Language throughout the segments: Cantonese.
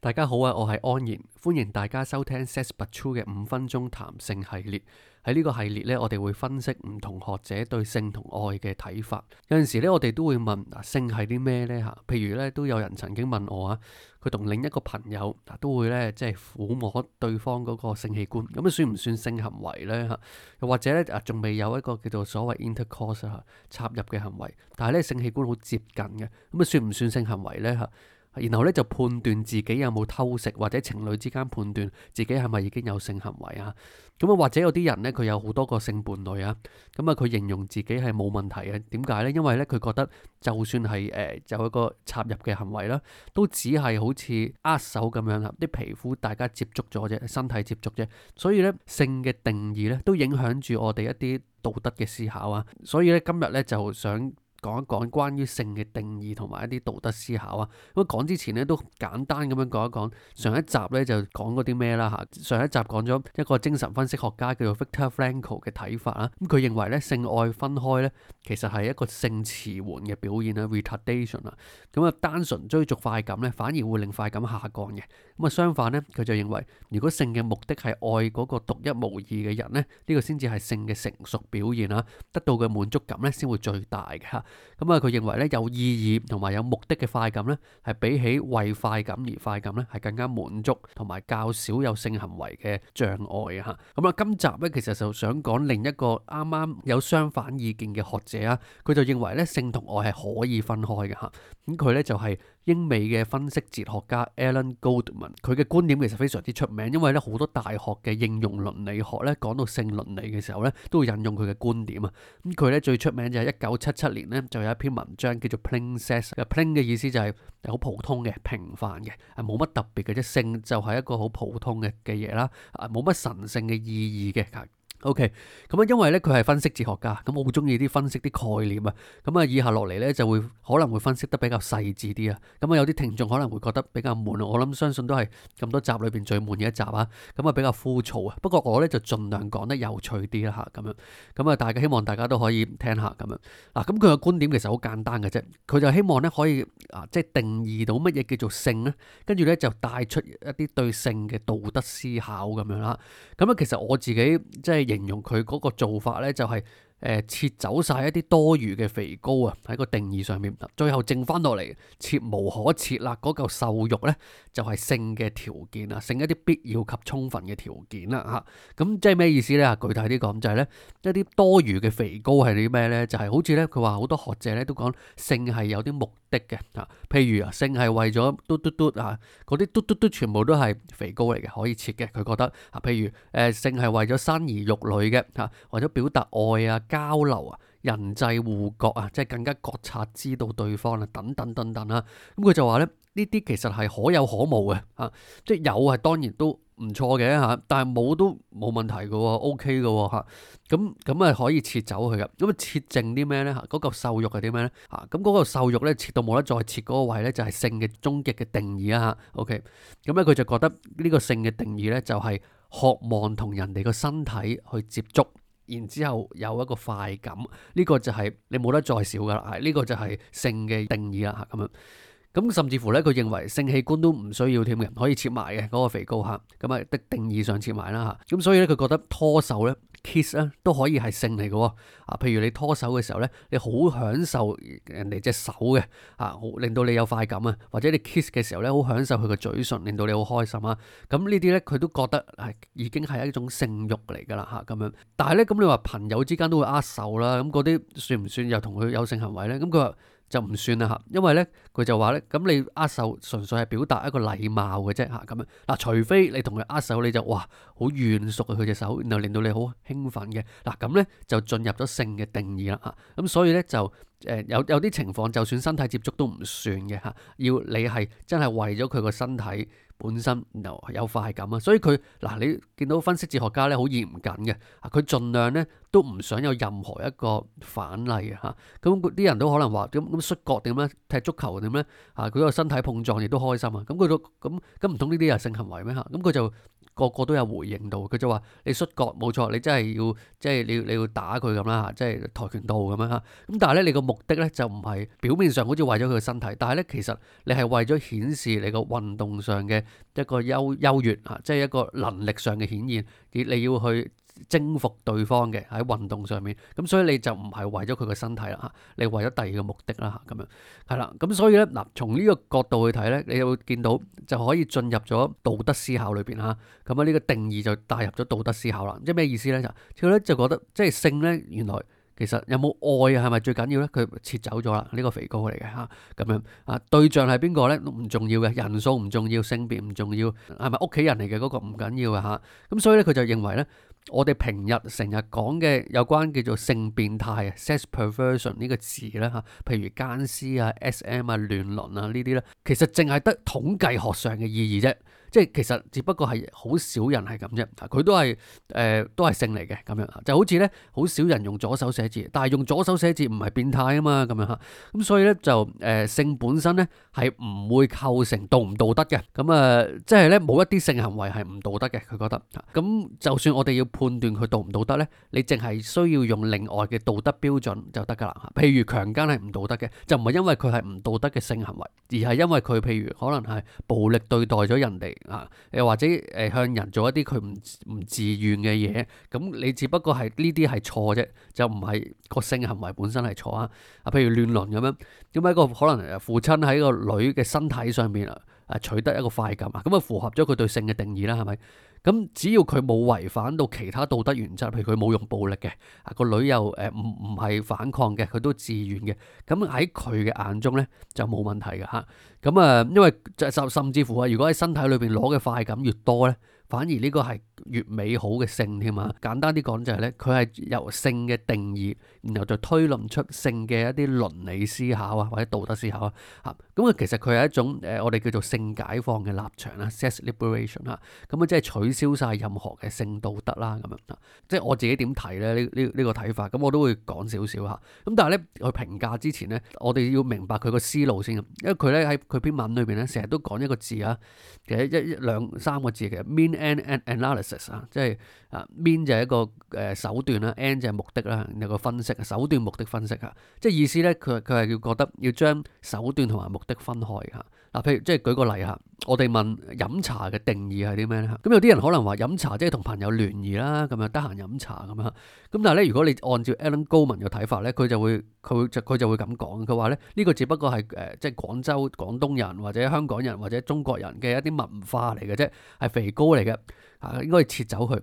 大家好啊，我係安然，歡迎大家收聽 Sex But True 嘅五分鐘談性系列。喺呢個系列呢，我哋會分析唔同學者對性同愛嘅睇法。有陣時咧，我哋都會問，嗱，性係啲咩呢？吓？譬如呢，都有人曾經問我啊，佢同另一個朋友都會呢，即係撫摸對方嗰個性器官，咁啊，算唔算性行為呢？吓？又或者呢，啊，仲未有一個叫做所謂 intercourse 吓，啊，插入嘅行為，但係呢，性器官好接近嘅，咁啊，算唔算性行為呢？吓？然後咧就判斷自己有冇偷食，或者情侶之間判斷自己係咪已經有性行為啊？咁啊，或者有啲人呢，佢有好多個性伴侶啊，咁啊，佢形容自己係冇問題嘅。點解呢？因為呢，佢覺得就算係誒有一個插入嘅行為啦，都只係好似握手咁樣啊。啲皮膚大家接觸咗啫，身體接觸啫。所以呢，性嘅定義呢，都影響住我哋一啲道德嘅思考啊。所以呢，今日呢，就想。講一講關於性嘅定義同埋一啲道德思考啊。咁啊，講之前咧都簡單咁樣講一講上一集咧就講過啲咩啦嚇。上一集講咗一,一個精神分析學家叫做 Victor Frankl 嘅睇法啊。咁、嗯、佢認為咧性愛分開咧其實係一個性遲緩嘅表現啊 retardation 啊。咁、嗯、啊，單純追逐快感咧反而會令快感下降嘅。咁、嗯、啊，相反咧佢就認為如果性嘅目的係愛嗰個獨一無二嘅人咧，呢、這個先至係性嘅成熟表現啊，得到嘅滿足感咧先會最大嘅嚇、啊。咁啊，佢認為咧有意義同埋有目的嘅快感咧，係比起為快感而快感咧，係更加滿足同埋較少有性行為嘅障礙啊！吓，咁啊，今集咧其實就想講另一個啱啱有相反意見嘅學者啊，佢就認為咧性同愛係可以分開嘅吓，咁佢咧就係、是。英美嘅分析哲學家 Alan Goldman，佢嘅觀點其實非常之出名，因為咧好多大學嘅應用倫理學咧講到性倫理嘅時候咧，都會引用佢嘅觀點啊。咁佢咧最出名就係一九七七年咧就有一篇文章叫做 Plain Sex，Plain 嘅意思就係好普通嘅、平凡嘅，係冇乜特別嘅啫。性就係一個好普通嘅嘅嘢啦，冇乜神聖嘅意義嘅。O.K. 咁啊，因為咧佢係分析哲學家，咁我好中意啲分析啲概念啊。咁啊，以下落嚟咧就會可能會分析得比較細緻啲啊。咁啊，有啲聽眾可能會覺得比較悶啊。我諗相信都係咁多集裏邊最悶嘅一集啊。咁啊，比較枯燥啊。不過我咧就盡量講得有趣啲啦吓，咁樣。咁啊，大家希望大家都可以聽下咁樣。嗱，啊，咁佢嘅觀點其實好簡單嘅啫。佢就希望咧可以啊，即係定義到乜嘢叫做性咧，跟住咧就帶出一啲對性嘅道德思考咁樣啦。咁啊，其實我自己即係。形容佢嗰個做法咧，就係、是。誒，切走晒一啲多餘嘅肥膏啊！喺個定義上面，最後剩翻落嚟，切無可切啦。嗰嚿瘦肉咧，就係性嘅條件啊，性一啲必要及充分嘅條件啦吓。咁即係咩意思咧？啊，具體啲講就係咧，一啲多餘嘅肥膏係啲咩咧？就係好似咧，佢話好多學者咧都講性係有啲目的嘅吓。譬如啊，性係為咗嘟嘟嘟啊，嗰啲嘟嘟嘟全部都係肥膏嚟嘅，可以切嘅。佢覺得吓，譬如誒、呃，性係為咗生兒育女嘅吓，為咗表達愛啊。交流啊，人際互覺啊，即係更加覺察知道對方啦，等等等等啦。咁佢就話咧，呢啲其實係可有可無嘅嚇，即係有係當然都唔錯嘅嚇，但係冇都冇問題嘅喎，OK 嘅喎嚇。咁咁啊可以切走佢嘅。咁啊切剩啲咩咧？嗰嚿瘦肉係啲咩咧？嚇、那個，咁嗰嚿瘦肉咧切到冇得再切嗰個位咧，就係、是、性嘅終極嘅定義啊嚇。OK，咁咧佢就覺得呢個性嘅定義咧就係渴望同人哋個身體去接觸。然之後有一個快感，呢個就係你冇得再少噶啦，呢個就係性嘅定義啦嚇咁樣。咁甚至乎呢，佢認為性器官都唔需要添嘅，人可以切埋嘅嗰個肥膏嚇。咁啊的定義上切埋啦嚇。咁所以呢，佢覺得拖手呢。kiss 啦、啊、都可以係性嚟嘅喎，啊，譬如你拖手嘅時候咧，你好享受人哋隻手嘅，啊，令到你有快感啊，或者你 kiss 嘅時候咧，好享受佢個嘴唇，令到你好開心啊，咁、啊、呢啲咧佢都覺得係已經係一種性慾嚟㗎啦嚇咁樣。但係咧咁你話朋友之間都會握手啦，咁嗰啲算唔算又同佢有性行為咧？咁佢話，就唔算啦嚇，因為咧佢就話咧，咁你握手純粹係表達一個禮貌嘅啫嚇，咁樣嗱，除非你同佢握手，你就哇好軟熟佢、啊、隻手，然後令到你好興奮嘅，嗱咁咧就進入咗性嘅定義啦嚇，咁、啊嗯、所以咧就誒、呃、有有啲情況，就算身體接觸都唔算嘅嚇、啊，要你係真係為咗佢個身體。本身有快感啊，所以佢嗱你見到分析哲學家呢，好嚴謹嘅，佢盡量呢都唔想有任何一個反例啊嚇，咁啲人都可能話咁咁摔角點咧，踢足球點咧，啊佢個身體碰撞亦都開心啊，咁佢都，咁咁唔通呢啲係性行為咩嚇？咁，啊，佢就。個個都有回應到，佢就話，你摔角冇錯，你真係要即係你要你要打佢咁啦嚇，即係跆拳道咁樣嚇。咁但係咧，你個目的咧就唔係表面上好似為咗佢個身體，但係咧其實你係為咗顯示你個運動上嘅一個優優越嚇，即係一個能力上嘅顯現，而你要去。征服對方嘅喺運動上面，咁所以你就唔係為咗佢個身體啦嚇，你為咗第二個目的啦嚇咁樣，係啦，咁所以咧嗱，從呢個角度去睇咧，你就會見到就可以進入咗道德思考裏邊嚇，咁啊呢個定義就帶入咗道德思考啦，即係咩意思咧？就佢咧就覺得即係性咧原來。其實有冇愛啊，係咪最緊要呢？佢撤走咗啦，呢個肥膏嚟嘅吓，咁樣啊，對象係邊個呢？都唔重要嘅，人數唔重要，性別唔重要，係咪屋企人嚟嘅嗰個唔緊要嘅吓，咁、啊啊、所以呢，佢就認為呢，我哋平日成日講嘅有關叫做性變態啊，sex perversion 呢個字呢，吓，譬如奸屍啊、SM 啊、亂倫啊呢啲呢，其實淨係得統計學上嘅意義啫。即係其實只不過係好少人係咁啫，佢都係誒、呃、都係性嚟嘅咁樣，就好似咧好少人用左手寫字，但係用左手寫字唔係變態啊嘛咁樣嚇，咁所以咧就誒、呃、性本身咧係唔會構成道唔道德嘅，咁啊即係咧冇一啲性行為係唔道德嘅，佢覺得，咁就算我哋要判斷佢道唔道德咧，你淨係需要用另外嘅道德標準就得㗎啦，譬如強姦係唔道德嘅，就唔係因為佢係唔道德嘅性行為，而係因為佢譬如可能係暴力對待咗人哋。啊！又或者誒向人做一啲佢唔唔自願嘅嘢，咁你只不過係呢啲係錯啫，就唔係個性行為本身係錯啊！啊，譬如亂倫咁樣，點解個可能父親喺個女嘅身體上面啊，啊取得一個快感啊，咁啊符合咗佢對性嘅定義啦，係咪？咁只要佢冇違反到其他道德原則，譬如佢冇用暴力嘅，啊個女又誒唔唔係反抗嘅，佢都自願嘅，咁喺佢嘅眼中咧就冇問題嘅㗎。咁啊，因為就甚至乎啊，如果喺身體裏邊攞嘅快感越多咧，反而呢個係。越美好嘅性添啊！簡單啲講就係、是、咧，佢係由性嘅定義，然後就推論出性嘅一啲倫理思考啊，或者道德思考啊嚇。咁、嗯、啊，其實佢係一種誒、呃，我哋叫做性解放嘅立場啦，sex liberation 啦。咁、嗯、啊，即係取消晒任何嘅性道德啦，咁樣、嗯、即係我自己點睇咧？呢呢呢個睇、這個這個、法，咁、嗯、我都會講少少嚇。咁、嗯、但係咧，去評價之前咧，我哋要明白佢個思路先。因為佢咧喺佢篇文裏邊咧，成日都講一個字啊，其實一一兩三個字嘅 mean and analysis 即係啊，mean 就係一個誒手段啦 end 就係目的啦，有個分析，手段目的分析啊，即係意思呢，佢佢係要覺得要將手段同埋目的分開嚇。嗱，啊，譬如即係舉個例嚇。我哋問飲茶嘅定義係啲咩咧？咁、嗯、有啲人可能話飲茶即係同朋友聯誼啦，咁樣得閒飲茶咁樣。咁但係咧，如果你按照 Alan Goldman 嘅睇法咧，佢就會佢就佢就會咁講，佢話咧呢、這個只不過係誒即係廣州廣東人或者香港人或者中國人嘅一啲文化嚟嘅啫，係肥膏嚟嘅嚇，應該要切走佢。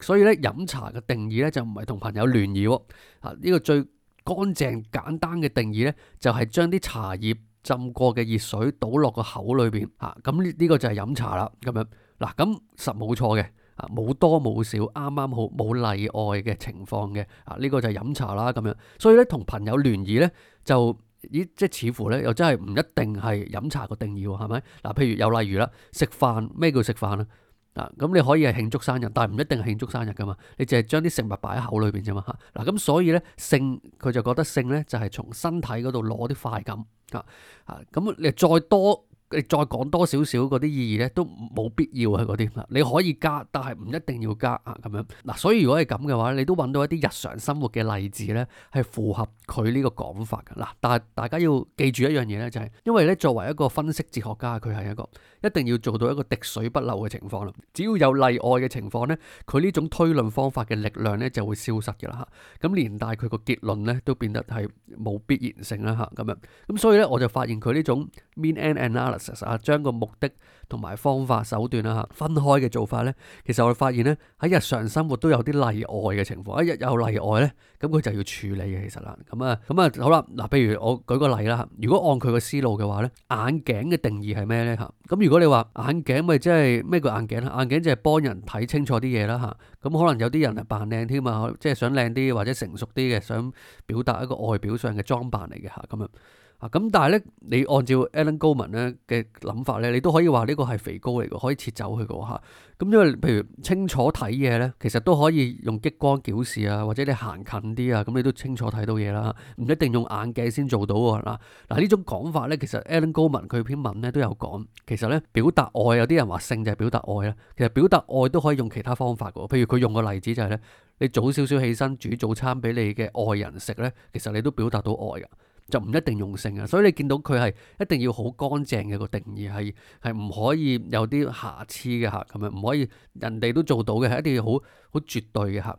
所以咧飲茶嘅定義咧就唔係同朋友聯誼喎。呢、啊這個最乾淨簡單嘅定義咧就係將啲茶葉。浸過嘅熱水倒落個口裏邊，吓，咁呢呢個就係飲茶啦，咁樣。嗱，咁實冇錯嘅，啊冇多冇少，啱啱好冇例外嘅情況嘅，啊呢個就係飲茶啦，咁樣，所以咧同朋友聯誼呢，就咦，即係似乎呢，又真係唔一定係飲茶個定義，係咪嗱？譬如有例如啦，食飯，咩叫食飯啊？嗱，咁、啊、你可以係慶祝生日，但係唔一定係慶祝生日噶嘛，你淨係將啲食物擺喺口裏邊啫嘛吓。嗱、啊，咁、啊啊、所以咧性，佢就覺得性咧就係、是、從身體嗰度攞啲快感啊啊，咁、啊啊啊、你再多。你再講多少少嗰啲意義咧，都冇必要啊！嗰啲你可以加，但係唔一定要加啊！咁樣嗱，所以如果係咁嘅話你都揾到一啲日常生活嘅例子咧，係符合佢呢個講法嘅嗱、啊。但係大家要記住一樣嘢咧，就係因為咧作為一個分析哲學家，佢係一個一定要做到一個滴水不漏嘅情況啦。只要有例外嘅情況咧，佢呢種推論方法嘅力量咧就會消失嘅啦嚇。咁連帶佢個結論咧都變得係冇必然性啦嚇咁樣。咁、啊、所以咧我就發現佢呢種 mean and and 實實啊，將個目的同埋方法手段啦嚇分開嘅做法咧，其實我哋發現咧喺日常生活都有啲例外嘅情況，一日有例外咧，咁佢就要處理嘅其實啦，咁、嗯、啊，咁、嗯、啊好啦，嗱，譬如我舉個例啦嚇，如果按佢個思路嘅話咧，眼鏡嘅定義係咩咧嚇？咁、嗯、如果你話眼鏡咪即係咩叫眼鏡啦？眼鏡即係幫人睇清楚啲嘢啦嚇。咁、嗯嗯嗯、可能有啲人係扮靚添啊，即係想靚啲或者成熟啲嘅，想表達一個外表上嘅裝扮嚟嘅嚇咁啊。嗯嗯咁、啊、但係呢，你按照 Alan Goldman 咧嘅諗法呢，你都可以話呢個係肥膏嚟嘅，可以切走佢嘅嚇。咁、嗯、因為譬如清楚睇嘢呢，其實都可以用激光矯視啊，或者你行近啲啊，咁、嗯、你都清楚睇到嘢啦，唔一定用眼鏡先做到喎。嗱、啊、呢種講法呢，其實 Alan Goldman 佢篇文呢都有講，其實呢，表達愛，有啲人話性就係表達愛啦，其實表達愛都可以用其他方法嘅，譬如佢用嘅例子就係呢：你早少少起身煮早餐俾你嘅愛人食呢，其實你都表達到愛嘅。就唔一定用性啊，所以你見到佢係一定要好乾淨嘅，個定義係，係唔可以有啲瑕疵嘅嚇咁樣，唔可以人哋都做到嘅，係一定要好好絕對嘅嚇。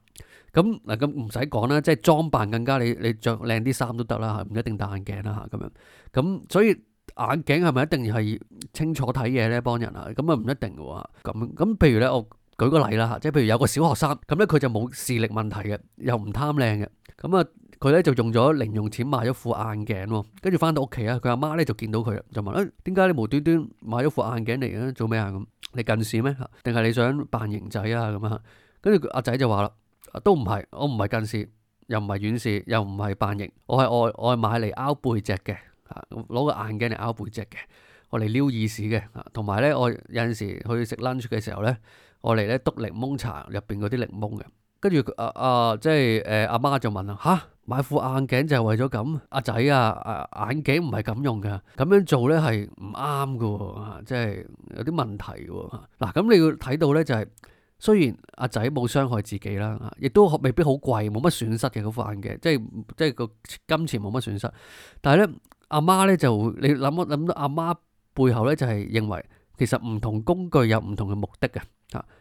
咁、嗱、咁唔使講啦，即係裝扮，更加你你着靚啲衫都得啦嚇，唔一定戴眼鏡啦嚇咁樣。咁所以眼鏡係咪一定要係清楚睇嘢呢？一幫人啊，咁、啊唔一定喎。咁，咁譬如咧，我舉個例啦嚇，即係譬如有個小學生咁咧，佢就冇視力問題嘅，又唔貪靚嘅，咁啊。佢咧就用咗零用錢買咗副眼鏡喎、哦，跟住返到屋企啊，佢阿媽咧就見到佢啦，就問：誒點解你無端端買咗副眼鏡嚟啊？做咩啊？咁你近視咩？定係你想扮型仔啊？咁樣？跟住阿仔就話啦：都唔係，我唔係近視，又唔係遠視，又唔係扮型，我我係買嚟拗背脊嘅，嚇攞個眼鏡嚟拗背脊嘅，我嚟撩耳屎嘅，嚇同埋咧我有陣時去食 lunch 嘅時候咧，我嚟咧篤檸檬茶入邊嗰啲檸檬嘅。跟住阿阿即係誒阿媽就問啦：嚇、啊！買副眼鏡就係為咗咁，阿仔啊，眼鏡唔係咁用嘅，咁樣做咧係唔啱嘅喎，即係有啲問題喎。嗱、啊，咁你要睇到咧就係、是，雖然阿仔冇傷害自己啦，亦、啊、都未必好貴，冇乜損失嘅嗰副眼鏡，即係即係個金錢冇乜損失，但係咧阿媽咧就你諗一諗到阿媽背後咧就係、是、認為其實唔同工具有唔同嘅目的嘅。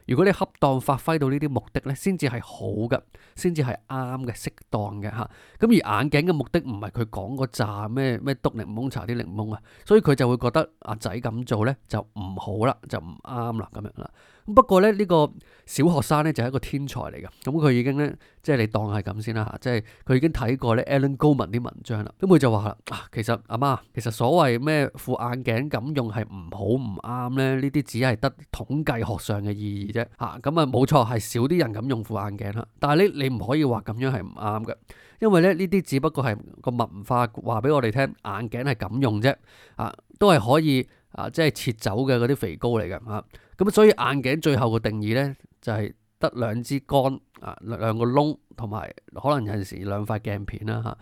如果你恰當發揮到呢啲目的呢，先至係好噶，先至係啱嘅、適當嘅吓。咁、啊、而眼鏡嘅目的唔係佢講嗰陣咩咩篤檸檬茶啲檸檬啊，所以佢就會覺得阿仔咁做呢就唔好啦，就唔啱啦咁樣啦。咁、啊、不過呢呢、這個小學生呢，就係、是、一個天才嚟嘅，咁、啊、佢已經呢，即係你當係咁先啦吓，即係佢已經睇過呢 Alan Goldman 啲文章啦，咁佢就話啦，啊其實阿媽，其實所謂咩副眼鏡咁用係唔好唔啱呢？呢啲只係得統計學上嘅。意義啫嚇，咁啊冇錯，係少啲人咁用副眼鏡啦。但係咧，你唔可以話咁樣係唔啱嘅，因為咧呢啲只不過係個文化話俾我哋聽，眼鏡係咁用啫，啊都係可以啊，即係切走嘅嗰啲肥膏嚟嘅啊。咁、嗯、所以眼鏡最後嘅定義呢，就係、是、得兩支桿啊，兩個窿同埋可能有陣時兩塊鏡片啦嚇。咁、啊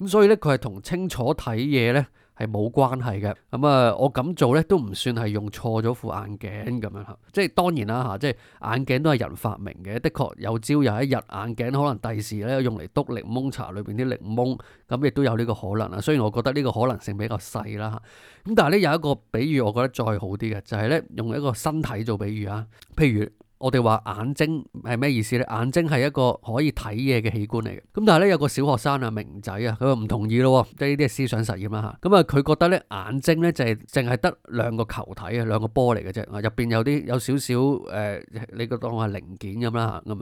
嗯、所以呢，佢係同清楚睇嘢呢，係冇關係嘅，咁、嗯、啊，我咁做呢，都唔算係用錯咗副眼鏡咁樣，即係當然啦嚇、啊，即係眼鏡都係人發明嘅，的確有朝有一日眼鏡可能第時呢，用嚟篤檸檬茶裏邊啲檸檬，咁、嗯、亦都有呢個可能啊。雖然我覺得呢個可能性比較細啦嚇，咁、啊、但係呢有一個比喻我覺得再好啲嘅，就係、是、呢：用一個身體做比喻啊，譬如。我哋話眼睛係咩意思呢？眼睛係一個可以睇嘢嘅器官嚟嘅。咁但係呢，有個小學生啊，明仔啊，佢唔同意咯、哦，即係呢啲係思想實驗啦嚇。咁啊，佢、啊、覺得呢，眼睛呢就係淨係得兩個球體兩個球啊，兩個波嚟嘅啫。入邊有啲有少少誒、呃，你當係零件咁啦咁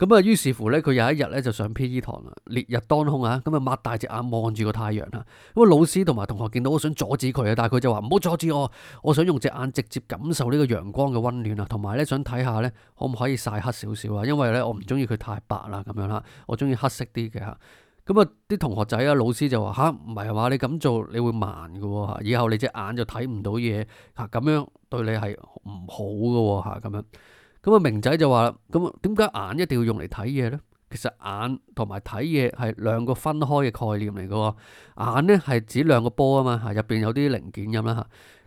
咁啊，於是乎咧，佢有一日咧就上 P.E. 堂啦，烈日當空啊，咁啊，擘大隻眼望住個太陽啦。咁啊，老師同埋同學見到我想阻止佢啊，但係佢就話唔好阻止我，我想用隻眼直接感受呢個陽光嘅溫暖啊，同埋咧想睇下咧可唔可以曬黑少少啊？因為咧我唔中意佢太白啦，咁樣啦，我中意黑色啲嘅吓。咁啊，啲同學仔啊，老師就話吓唔係話你咁做你會盲噶，以後你隻眼就睇唔到嘢吓，咁樣對你係唔好噶吓，咁樣。咁啊明仔就話啦，咁啊點解眼一定要用嚟睇嘢咧？其實眼同埋睇嘢係兩個分開嘅概念嚟㗎喎。眼咧係指兩個波啊嘛，吓，入邊有啲零件咁啦吓。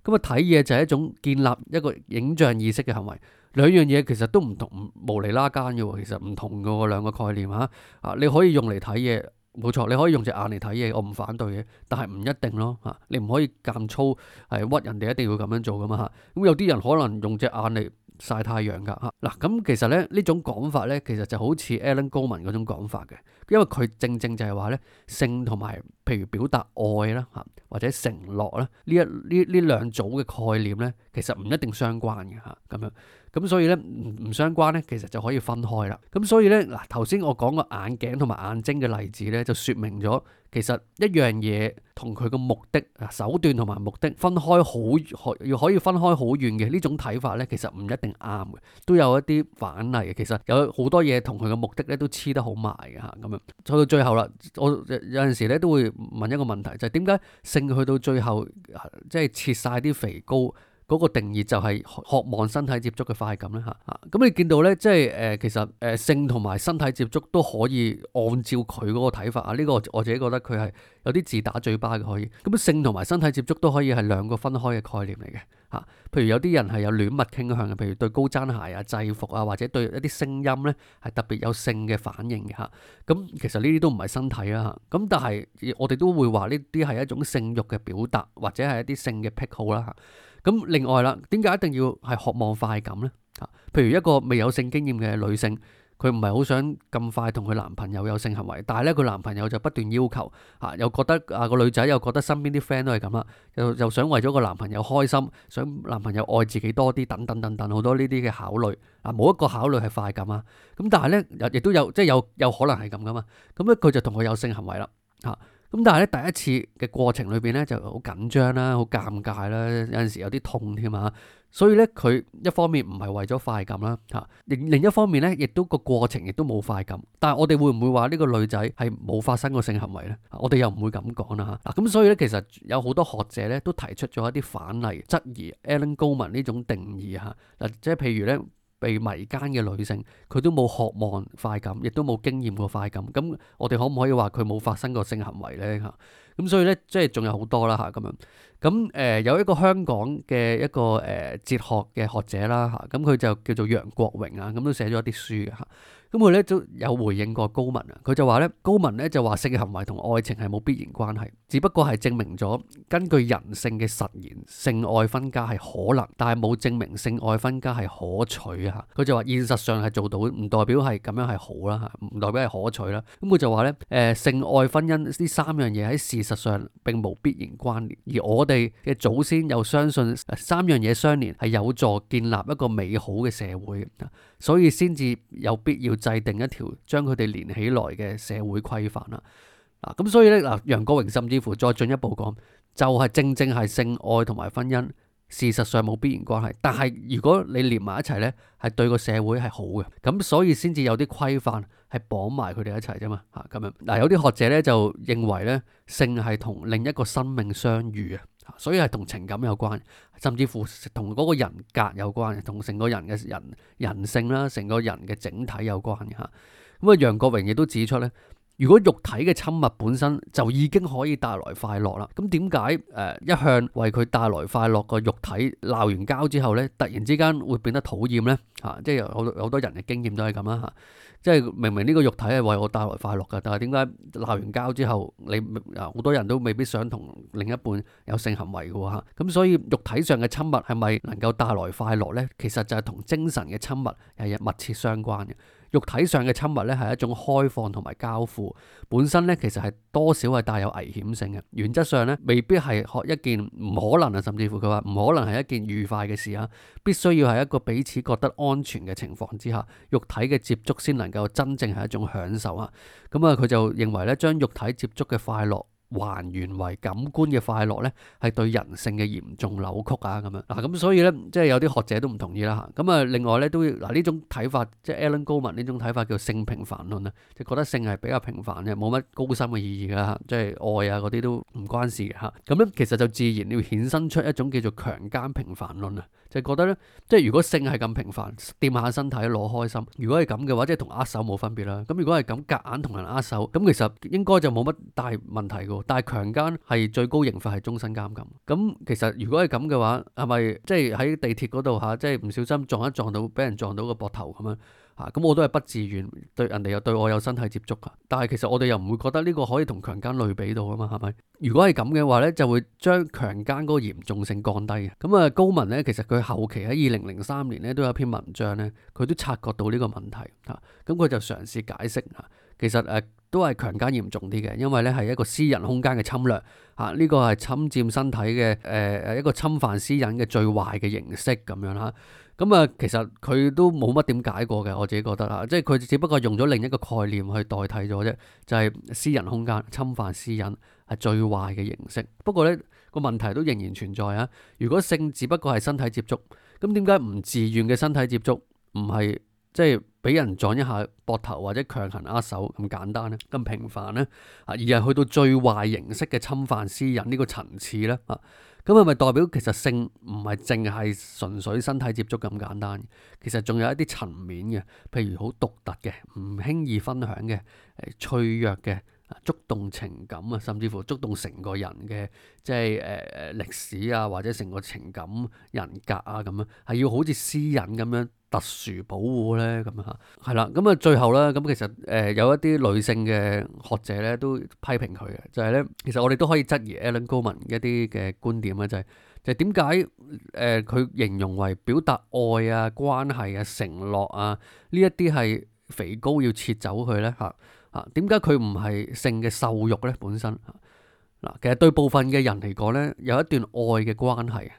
咁啊睇嘢就係一種建立一個影像意識嘅行為。兩樣嘢其實都唔同，無厘啦間嘅，其實唔同㗎兩、哦、個概念吓、啊。啊，你可以用嚟睇嘢，冇錯，你可以用隻眼嚟睇嘢，我唔反對嘅。但係唔一定咯，吓、啊、你唔可以咁粗係屈人哋一定要咁樣做噶嘛吓。咁、啊、有啲人可能用隻眼嚟。曬太陽㗎，嚇，嗱，咁、啊、其實咧呢種講法咧，其實就好似 Alan Goldman 嗰種講法嘅，因為佢正正就係話咧，性同埋譬如表達愛啦嚇，或者承諾啦呢一呢呢兩組嘅概念咧，其實唔一定相關嘅嚇咁樣。咁所以呢，唔唔相關呢，其實就可以分開啦。咁所以呢，嗱，頭先我講個眼鏡同埋眼睛嘅例子呢，就説明咗其實一樣嘢同佢嘅目的、手段同埋目的分開好可要可以分開好遠嘅。呢種睇法呢，其實唔一定啱嘅，都有一啲反例嘅。其實有好多嘢同佢嘅目的呢，都黐得好埋嘅吓咁樣。去到最後啦，我有有陣時呢都會問一個問題，就係點解性去到最後即係切晒啲肥膏，嗰個定義就係渴望身體接觸嘅快感咧嚇，咁、啊、你見到咧，即係誒、呃，其實誒性同埋身體接觸都可以按照佢嗰個睇法啊。呢、這個我自己覺得佢係有啲自打嘴巴嘅可以。咁性同埋身體接觸都可以係兩個分開嘅概念嚟嘅嚇。譬如有啲人係有戀物傾向嘅，譬如對高踭鞋啊、制服啊，或者對一啲聲音咧係特別有性嘅反應嘅嚇。咁、啊、其實呢啲都唔係身體啦嚇。咁、啊、但係我哋都會話呢啲係一種性慾嘅表達，或者係一啲性嘅癖好啦嚇。啊咁另外啦，點解一定要係渴望快感呢？嚇，譬如一個未有性經驗嘅女性，佢唔係好想咁快同佢男朋友有性行為，但係咧佢男朋友就不斷要求，嚇、啊、又覺得啊個女仔又覺得身邊啲 friend 都係咁啦，又又想為咗個男朋友開心，想男朋友愛自己多啲，等等等等，好多呢啲嘅考慮，啊，冇一個考慮係快感啊。咁但係咧，亦都有即係有有可能係咁㗎嘛？咁咧佢就同佢有性行為啦，嚇、啊。咁但係咧，第一次嘅過程裏邊咧就好緊張啦，好尷尬啦，有陣時有啲痛添嘛，所以咧佢一方面唔係為咗快感啦，嚇；另另一方面咧，亦都個過程亦都冇快感。但係我哋會唔會話呢個女仔係冇發生過性行為咧？我哋又唔會咁講啦嚇。咁所以咧，其實有好多學者咧都提出咗一啲反例質疑 Alan 高文呢種定義嚇，嗱即係譬如咧。被迷姦嘅女性，佢都冇渴望快感，亦都冇經驗過快感。咁我哋可唔可以話佢冇發生過性行為呢？嚇咁所以呢，即係仲有好多啦嚇咁樣。咁誒、呃、有一個香港嘅一個誒、呃、哲學嘅學者啦嚇，咁佢就叫做楊國榮啊，咁都寫咗啲書嘅嚇。咁佢咧都有回應過高文啊，佢就話咧高文咧就話性嘅行為同愛情係冇必然關係，只不過係證明咗根據人性嘅實驗，性愛分家係可能，但係冇證明性愛分家係可取啊。佢就話現實上係做到，唔代表係咁樣係好啦，唔代表係可取啦。咁佢就話咧誒，性愛婚姻呢三樣嘢喺事實上並冇必然關聯，而我哋嘅祖先又相信三樣嘢相連係有助建立一個美好嘅社會。所以先至有必要制定一條將佢哋連起來嘅社會規範啦。咁、啊、所以呢，嗱，楊國榮甚至乎再進一步講，就係、是、正正係性愛同埋婚姻事實上冇必然關係，但係如果你連埋一齊呢，係對個社會係好嘅。咁、嗯、所以先至有啲規範係綁埋佢哋一齊啫嘛。嚇、啊、咁樣嗱、啊，有啲學者呢就認為呢，性係同另一個生命相遇啊。所以係同情感有關，甚至乎同嗰個人格有關，同成個人嘅人人性啦，成個人嘅整體有關嘅吓。咁啊，楊國榮亦都指出咧。如果肉體嘅親密本身就已經可以帶來快樂啦，咁點解誒一向為佢帶來快樂個肉體鬧完交之後呢，突然之間會變得討厭呢？吓、啊，即係好多好多人嘅經驗都係咁啦吓，即係明明呢個肉體係為我帶來快樂噶，但係點解鬧完交之後你、啊、好多人都未必想同另一半有性行為嘅吓？咁、啊啊嗯、所以肉體上嘅親密係咪能夠帶來快樂呢？其實就係同精神嘅親密係密切相關嘅。肉體上嘅親密咧係一種開放同埋交付，本身咧其實係多少係帶有危險性嘅。原則上咧，未必係學一件唔可能啊，甚至乎佢話唔可能係一件愉快嘅事啊。必須要喺一個彼此覺得安全嘅情況之下，肉體嘅接觸先能夠真正係一種享受啊。咁啊，佢就認為咧，將肉體接觸嘅快樂還原為感官嘅快樂呢係對人性嘅嚴重扭曲啊！咁樣嗱，咁、啊、所以呢，即係有啲學者都唔同意啦嚇。咁啊，另外呢，都要嗱呢種睇法，即係 Alan Goldman 呢種睇法叫性平凡論啊，就覺得性係比較平凡嘅，冇乜高深嘅意義噶嚇、啊，即係愛啊嗰啲都唔關事嚇。咁、啊、樣、啊、其實就自然要衍生出一種叫做強姦平凡論啊。就覺得呢，即係如果性係咁平凡，掂下身體攞開心，如果係咁嘅話，即係同握手冇分別啦。咁如果係咁，夾硬同人握手，咁其實應該就冇乜大問題嘅。但係強姦係最高刑罰係終身監禁。咁其實如果係咁嘅話，係咪即係喺地鐵嗰度吓，即係唔小心撞一撞到，俾人撞到個膊頭咁樣？咁我都係不自願對人哋又對我有身體接觸㗎，但係其實我哋又唔會覺得呢個可以同強姦類比到㗎嘛？係咪？如果係咁嘅話呢，就會將強姦嗰個嚴重性降低嘅。咁啊，高文呢，其實佢後期喺二零零三年呢都有篇文章呢，佢都察覺到呢個問題吓，咁、啊、佢就嘗試解釋吓、啊，其實誒、啊、都係強姦嚴重啲嘅，因為呢係一個私人空間嘅侵略吓，呢、啊這個係侵佔身體嘅誒誒一個侵犯私隱嘅最壞嘅形式咁樣啦。啊咁啊，其實佢都冇乜點解過嘅，我自己覺得啊，即係佢只不過用咗另一個概念去代替咗啫，就係私人空間侵犯私隱係最壞嘅形式。不過呢個問題都仍然存在啊。如果性只不過係身體接觸，咁點解唔自願嘅身體接觸唔係即係俾人撞一下膊頭或者強行握手咁簡單呢？咁平凡呢？啊，而係去到最壞形式嘅侵犯私隱呢個層次呢？啊。咁係咪代表其實性唔係淨係純粹身體接觸咁簡單？其實仲有一啲層面嘅，譬如好獨特嘅、唔輕易分享嘅、誒脆弱嘅。觸動情感啊，甚至乎觸動成個人嘅即係誒誒歷史啊，或者成個情感、人格啊咁樣，係要好似私隱咁樣特殊保護呢。咁啊，係啦。咁啊，最後咧，咁其實誒有一啲女性嘅學者呢都批評佢嘅，就係、是、呢。其實我哋都可以質疑 Alan Goldman 一啲嘅觀點呢，就係、是、就點解誒佢形容為表達愛啊、關係啊、承諾啊呢一啲係肥膏要撤走佢呢。嚇、啊？嚇，點解佢唔係性嘅慾慾呢？本身嗱、啊，其實對部分嘅人嚟講呢，有一段愛嘅關係，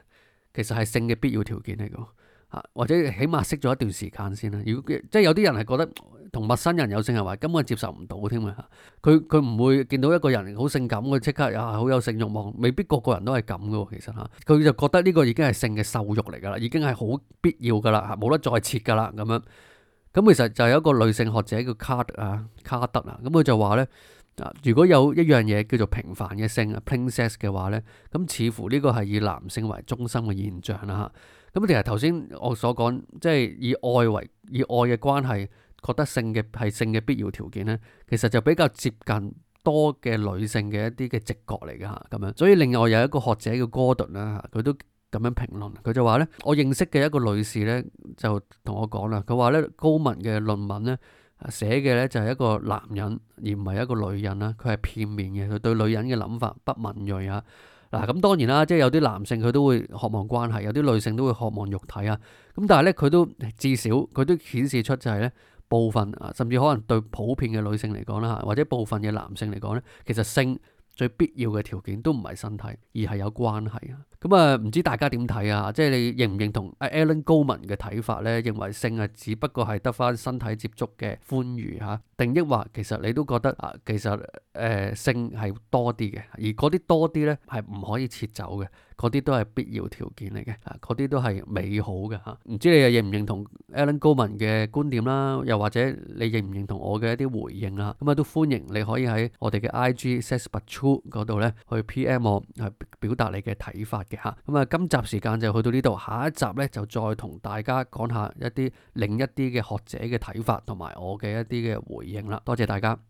其實係性嘅必要條件嚟㗎、啊。或者起碼識咗一段時間先啦。如、啊、果即係有啲人係覺得同陌生人有性係話根本接受唔到添啊！佢佢唔會見到一個人好性感，佢即刻啊，啊好有性慾望，未必個個人都係咁㗎喎。其實嚇佢、啊、就覺得呢個已經係性嘅慾慾嚟㗎啦，已經係好必要㗎啦，冇、啊、得再設㗎啦咁樣。啊啊啊啊啊啊咁其實就有一個女性學者叫卡德啊，卡德啊，咁佢就話呢：「啊，如果有一樣嘢叫做平凡嘅性啊 plain sex 嘅話呢，咁似乎呢個係以男性為中心嘅現象啦咁、嗯、其實頭先我所講，即係以愛為以愛嘅關係，覺得性嘅係性嘅必要條件呢，其實就比較接近多嘅女性嘅一啲嘅直覺嚟嘅咁樣。所以另外有一個學者叫哥頓啦佢都，咁樣評論，佢就話呢，我認識嘅一個女士呢，就同我講啦，佢話呢，高文嘅論文呢，寫嘅呢，就係一個男人，而唔係一個女人啦，佢係片面嘅，佢對女人嘅諗法不敏銳啊。嗱、啊、咁當然啦，即係有啲男性佢都會渴望關係，有啲女性都會渴望肉體啊。咁但係呢，佢都至少佢都顯示出就係呢部分啊，甚至可能對普遍嘅女性嚟講啦、啊，或者部分嘅男性嚟講呢，其實性最必要嘅條件都唔係身體，而係有關係啊！咁、嗯、啊，唔知大家點睇啊？即係你認唔認同啊 Alan 高文嘅睇法呢？認為性啊，只不過係得返身體接觸嘅歡愉嚇，定抑或其實你都覺得啊，其實誒、呃、性係多啲嘅，而嗰啲多啲呢係唔可以撤走嘅。嗰啲都係必要條件嚟嘅，啊，嗰啲都係美好嘅嚇。唔知你又認唔認同 Alan Goldman 嘅觀點啦，又或者你認唔認同我嘅一啲回應啦？咁啊，都歡迎你可以喺我哋嘅 IG @sexbuttrue 嗰度咧去 PM 我，係表達你嘅睇法嘅嚇。咁啊，今集時間就去到呢度，下一集咧就再同大家講一下一啲另一啲嘅學者嘅睇法同埋我嘅一啲嘅回應啦。多謝大家。